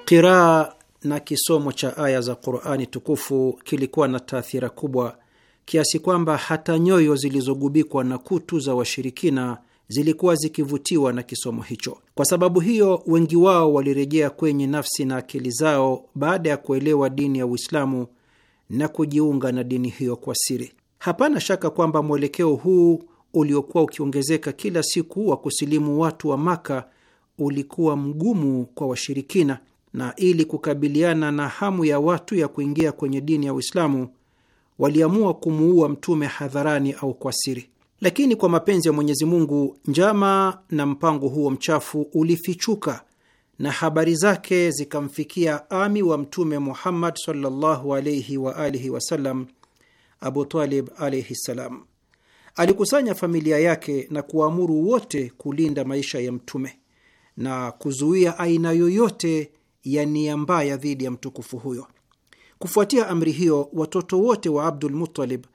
Qiraa na kisomo cha aya za Qurani tukufu kilikuwa na taathira kubwa kiasi kwamba hata nyoyo zilizogubikwa na kutu za washirikina zilikuwa zikivutiwa na kisomo hicho. Kwa sababu hiyo, wengi wao walirejea kwenye nafsi na akili zao baada ya kuelewa dini ya Uislamu na kujiunga na dini hiyo kwa siri. Hapana shaka kwamba mwelekeo huu uliokuwa ukiongezeka kila siku wa kusilimu watu wa Maka ulikuwa mgumu kwa washirikina, na ili kukabiliana na hamu ya watu ya kuingia kwenye dini ya Uislamu, waliamua kumuua mtume hadharani au kwa siri. Lakini kwa mapenzi ya Mwenyezi Mungu, njama na mpango huo mchafu ulifichuka na habari zake zikamfikia ami wa Mtume Muhammad sallallahu alaihi wa alihi wasallam, Abu Talib alaihi ssalam. Alikusanya familia yake na kuwaamuru wote kulinda maisha ya Mtume na kuzuia aina yoyote ya nia mbaya dhidi ya mtukufu huyo. Kufuatia amri hiyo, watoto wote wa Abdul Muttalib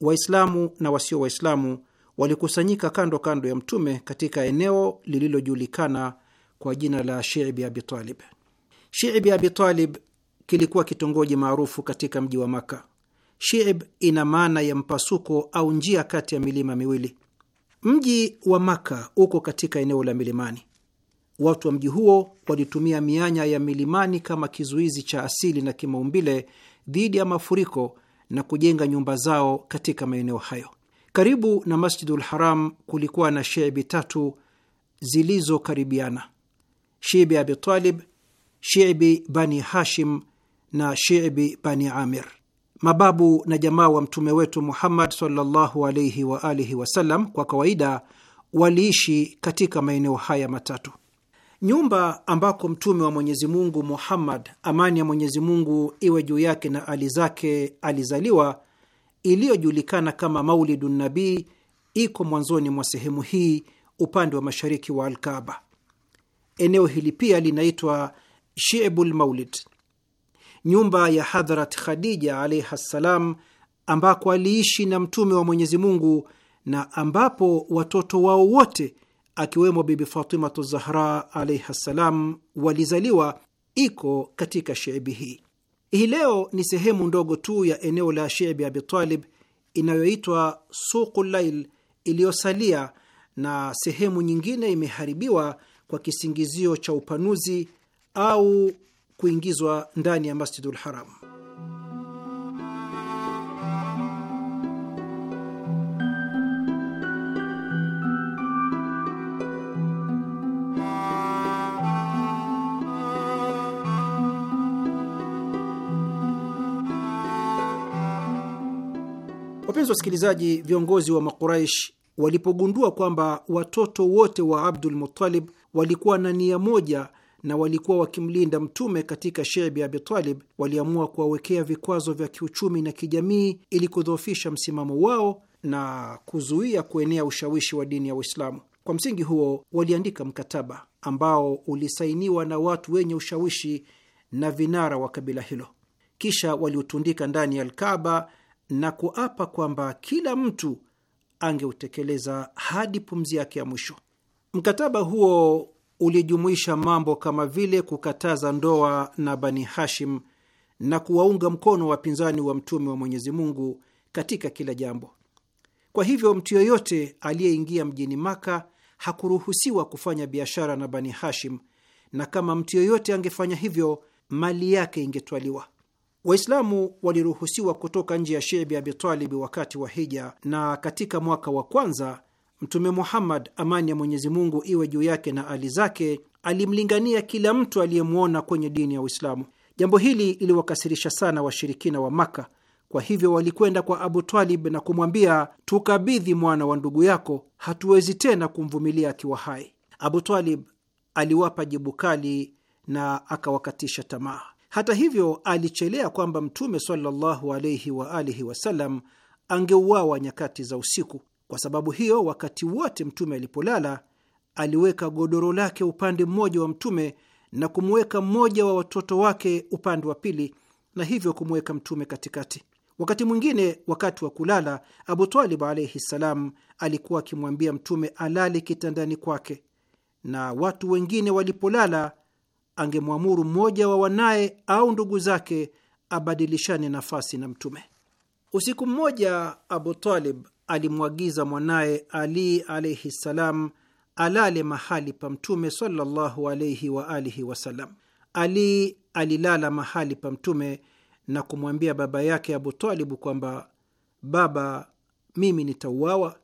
Waislamu na wasio Waislamu walikusanyika kando kando ya Mtume katika eneo lililojulikana kwa jina la Shiibi Abitalib. Shibi Abitalib kilikuwa kitongoji maarufu katika mji wa Maka. Shiib ina maana ya mpasuko au njia kati ya milima miwili. Mji wa Maka uko katika eneo la milimani. Watu wa mji huo walitumia mianya ya milimani kama kizuizi cha asili na kimaumbile dhidi ya mafuriko na kujenga nyumba zao katika maeneo hayo. Karibu na Masjidul Haram kulikuwa na shebi tatu zilizokaribiana: shibi Abitalib, shibi Bani Hashim na shibi Bani Amir. Mababu na jamaa wa mtume wetu Muhammad sallallahu alaihi wa alihi wasallam kwa kawaida waliishi katika maeneo haya matatu. Nyumba ambako mtume wa Mwenyezi Mungu Muhammad, amani ya Mwenyezi Mungu iwe juu yake na ali zake, alizaliwa iliyojulikana kama maulidu Nabii iko mwanzoni mwa sehemu hii upande wa mashariki wa Alkaba. Eneo hili pia linaitwa Shibul Maulid. Nyumba ya Hadhrat Khadija alaihi ssalam, ambako aliishi na mtume wa Mwenyezi Mungu na ambapo watoto wao wote akiwemo Bibi Fatimatu Zahra alaihi ssalam walizaliwa iko katika shebi hii. Hii leo ni sehemu ndogo tu ya eneo la shebi Abitalib inayoitwa Suqu Lail iliyosalia, na sehemu nyingine imeharibiwa kwa kisingizio cha upanuzi au kuingizwa ndani ya Masjidul Haram. Wapenzi wasikilizaji, viongozi wa Makuraish walipogundua kwamba watoto wote wa Abdul Muttalib walikuwa na nia moja na walikuwa wakimlinda Mtume katika shebi Abitalib, waliamua kuwawekea vikwazo vya kiuchumi na kijamii ili kudhoofisha msimamo wao na kuzuia kuenea ushawishi wa dini ya Uislamu. Kwa msingi huo, waliandika mkataba ambao ulisainiwa na watu wenye ushawishi na vinara wa kabila hilo, kisha waliutundika ndani ya Alkaba na kuapa kwamba kila mtu angeutekeleza hadi pumzi yake ya mwisho. Mkataba huo ulijumuisha mambo kama vile kukataza ndoa na Bani Hashim na kuwaunga mkono wapinzani wa mtume wa Mwenyezi Mungu katika kila jambo. Kwa hivyo mtu yoyote aliyeingia mjini Maka hakuruhusiwa kufanya biashara na Bani Hashim, na kama mtu yoyote angefanya hivyo, mali yake ingetwaliwa. Waislamu waliruhusiwa kutoka nje ya Shibi Abitalibi wakati wa hija, na katika mwaka wa kwanza Mtume Muhammad, amani ya Mwenyezi Mungu iwe juu yake na ali zake, alimlingania kila mtu aliyemwona kwenye dini ya Uislamu. Jambo hili iliwakasirisha sana washirikina wa Maka. Kwa hivyo walikwenda kwa Abu Talib na kumwambia, tukabidhi mwana wa ndugu yako, hatuwezi tena kumvumilia akiwa hai. Abu Talib aliwapa jibu kali na akawakatisha tamaa. Hata hivyo, alichelea kwamba Mtume sallallahu alaihi wa alihi wasallam angeuawa nyakati za usiku. Kwa sababu hiyo, wakati wote Mtume alipolala aliweka godoro lake upande mmoja wa Mtume na kumweka mmoja wa watoto wake upande wa pili, na hivyo kumweka Mtume katikati. Wakati mwingine, wakati wa kulala, Abu Talib alaihi ssalam alikuwa akimwambia Mtume alale kitandani kwake, na watu wengine walipolala angemwamuru mmoja wa wanaye au ndugu zake abadilishane nafasi na Mtume. Usiku mmoja, Abu Talib alimwagiza mwanaye Ali alaihi ssalam alale mahali pa Mtume sallallahu alaihi wa alihi wasallam. Ali alilala mahali pa Mtume na kumwambia baba yake Abutalibu kwamba baba, mimi nitauawa?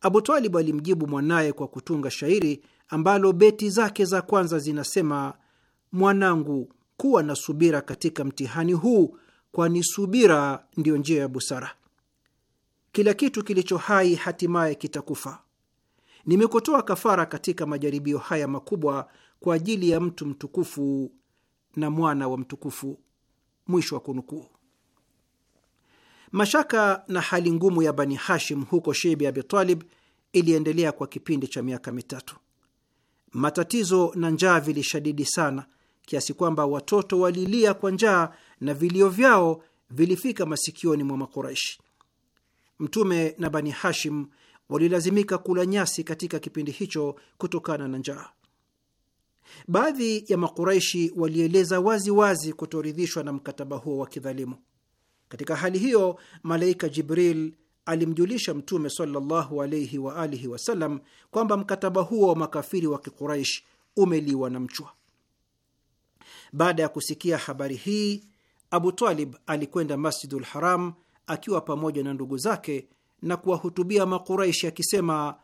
Abutalibu alimjibu mwanaye kwa kutunga shairi ambalo beti zake za kwanza zinasema: mwanangu, kuwa na subira katika mtihani huu, kwani subira ndiyo njia ya busara. Kila kitu kilicho hai hatimaye kitakufa. Nimekutoa kafara katika majaribio haya makubwa kwa ajili ya mtu mtukufu na mwana wa mtukufu. Mwisho wa kunukuu. Mashaka na hali ngumu ya Bani Hashim huko Sheibi Abitalib iliendelea kwa kipindi cha miaka mitatu. Matatizo na njaa vilishadidi sana kiasi kwamba watoto walilia kwa njaa na vilio vyao vilifika masikioni mwa Makuraishi. Mtume na Bani Hashim walilazimika kula nyasi katika kipindi hicho kutokana na njaa. Baadhi ya Makuraishi walieleza wazi wazi kutoridhishwa na mkataba huo wa kidhalimu. Katika hali hiyo, malaika Jibril alimjulisha Mtume sallallahu wa alihi wasallam kwamba mkataba huo wa makafiri wa Kiquraish umeliwa na mchwa. Baada ya kusikia habari hii, Abu Talib alikwenda Masjidul Haram akiwa pamoja na ndugu zake na kuwahutubia Makuraishi akisema,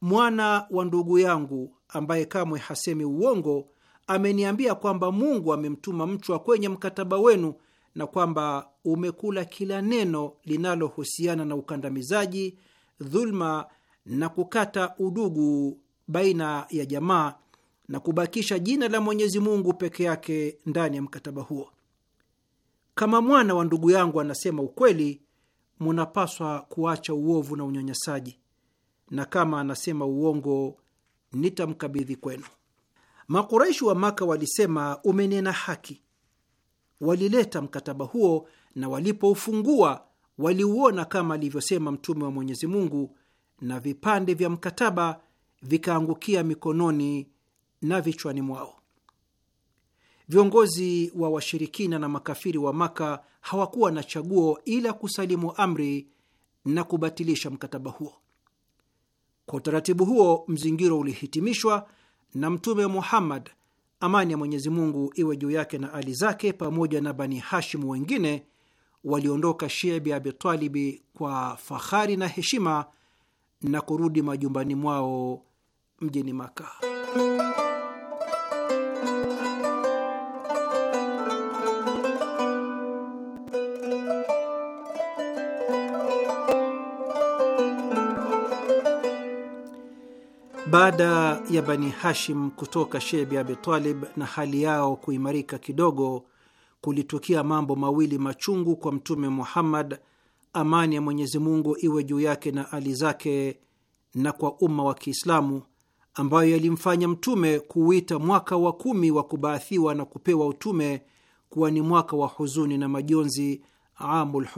mwana wa ndugu yangu ambaye kamwe hasemi uongo ameniambia kwamba Mungu amemtuma mchwa kwenye mkataba wenu na kwamba umekula kila neno linalohusiana na ukandamizaji, dhulma na kukata udugu baina ya jamaa na kubakisha jina la Mwenyezi Mungu peke yake ndani ya mkataba huo. Kama mwana wa ndugu yangu anasema ukweli, munapaswa kuacha uovu na unyanyasaji, na kama anasema uongo, nitamkabidhi kwenu. Makuraishi wa Maka walisema, umenena haki walileta mkataba huo na walipoufungua waliuona kama alivyosema Mtume wa Mwenyezi Mungu, na vipande vya mkataba vikaangukia mikononi na vichwani mwao. Viongozi wa washirikina na makafiri wa Maka hawakuwa na chaguo ila kusalimu amri na kubatilisha mkataba huo. Kwa utaratibu huo, mzingiro ulihitimishwa na Mtume Muhammad amani ya Mwenyezi Mungu iwe juu yake na ali zake, pamoja na Bani Hashimu wengine waliondoka Shebi Abitalibi kwa fahari na heshima na kurudi majumbani mwao mjini makaa Baada ya Bani Hashim kutoka Shebi Abi Talib na hali yao kuimarika kidogo, kulitukia mambo mawili machungu kwa Mtume Muhammad, amani ya Mwenyezi Mungu iwe juu yake na ali zake, na kwa umma wa Kiislamu, ambayo yalimfanya Mtume kuuita mwaka wa kumi wa kubaathiwa na kupewa utume kuwa ni mwaka wa huzuni na majonzi, amul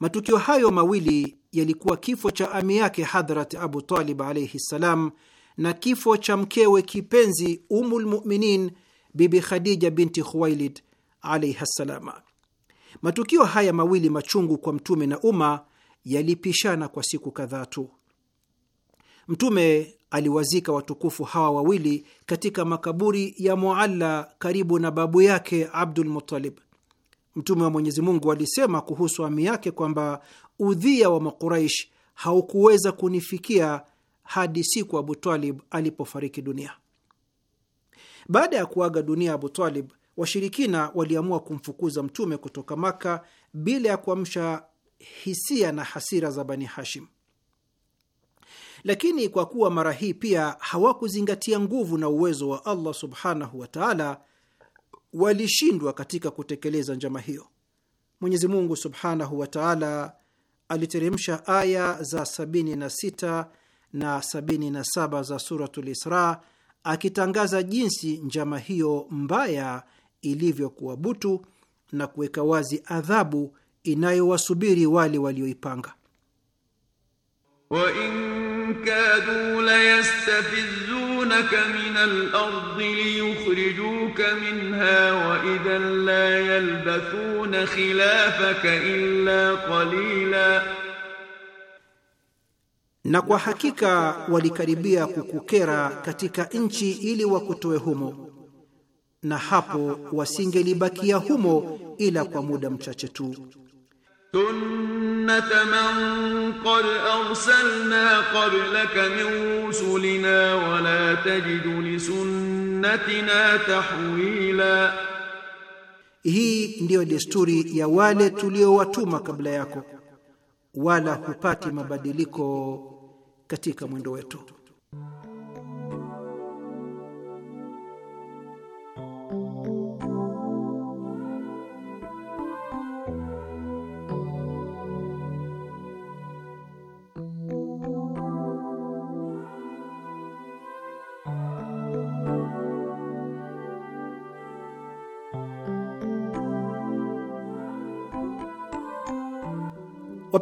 Matukio hayo mawili yalikuwa kifo cha ami yake Hadhrat Abu Talib alaihi ssalam na kifo cha mkewe kipenzi Umulmuminin Bibi Khadija binti Khuwailid alaiha ssalama. Matukio haya mawili machungu kwa Mtume na umma yalipishana kwa siku kadhaa tu. Mtume aliwazika watukufu hawa wawili katika makaburi ya Mualla karibu na babu yake Abdul Muttalib. Mtume wa Mwenyezi Mungu alisema kuhusu ami yake kwamba udhia wa Makuraish haukuweza kunifikia hadi siku Abu Talib alipofariki dunia. Baada ya kuaga dunia Abu Talib, washirikina waliamua kumfukuza Mtume kutoka Maka bila ya kuamsha hisia na hasira za Bani Hashim, lakini kwa kuwa mara hii pia hawakuzingatia nguvu na uwezo wa Allah subhanahu wa taala, walishindwa katika kutekeleza njama hiyo. Mwenyezi Mungu subhanahu wa taala aliteremsha aya za 76 na 77 za Suratul Isra akitangaza jinsi njama hiyo mbaya ilivyokuwa butu na kuweka wazi adhabu inayowasubiri wale walioipanga. وَإِن كَادُوا لَيَسْتَفِزُّونَكَ مِنَ الْأَرْضِ لِيُخْرِجُوكَ مِنْهَا وَإِذًا لا يَلْبَثُونَ خِلَافَكَ إِلَّا قَلِيلًا na kwa hakika walikaribia kukukera katika nchi ili wakutoe humo, na hapo wasingelibakia humo ila kwa muda mchache tu. سُنَّةَ مَنْ قَدْ أَرْسَلْنَا قَبْلَكَ مِنْ رُسُلِنَا وَلَا تَجِدُ لِسُنَّتِنَا تَحْوِيلًا Hii ndiyo desturi ya wale tuliowatuma kabla yako, wala hupati mabadiliko katika mwendo wetu.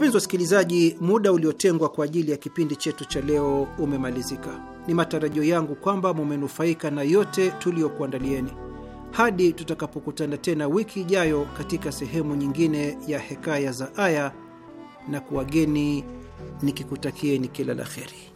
Wapenzi wasikilizaji, muda uliotengwa kwa ajili ya kipindi chetu cha leo umemalizika. Ni matarajio yangu kwamba mumenufaika na yote tuliyokuandalieni. Hadi tutakapokutana tena wiki ijayo katika sehemu nyingine ya Hekaya za Aya, na kuwageni nikikutakieni kila la heri.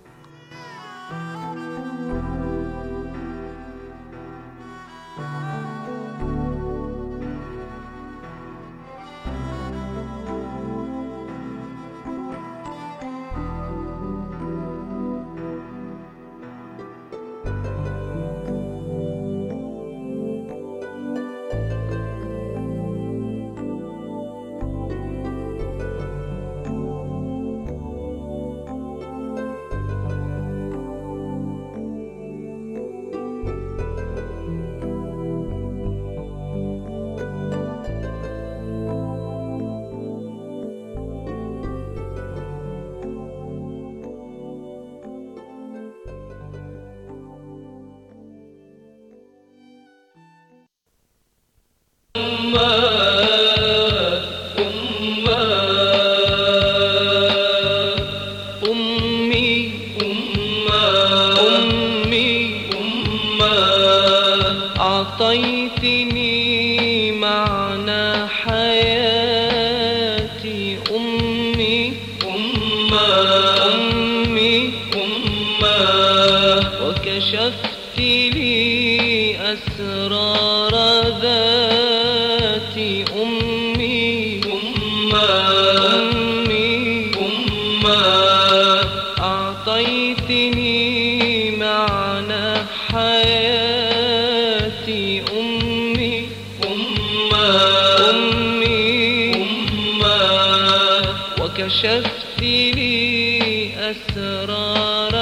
وكشفت لي أسرار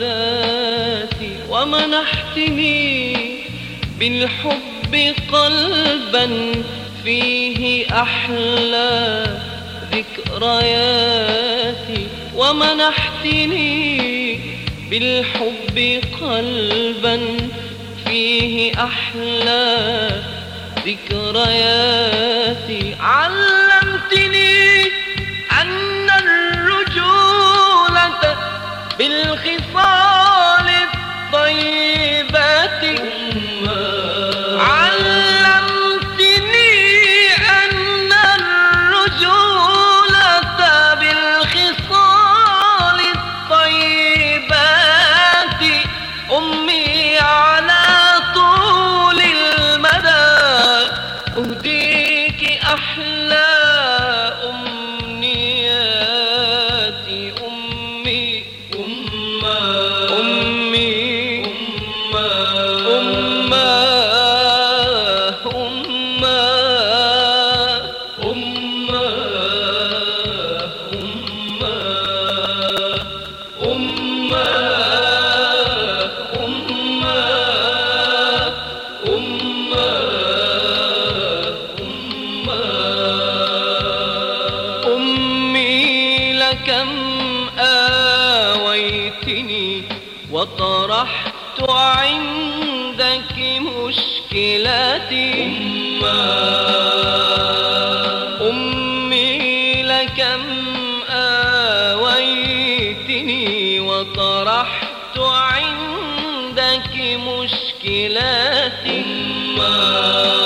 ذاتي ومنحتني بالحب قلبا فيه أحلى ذكرياتي ومنحتني بالحب قلبا فيه أحلى ذكرياتي على مشكلاتي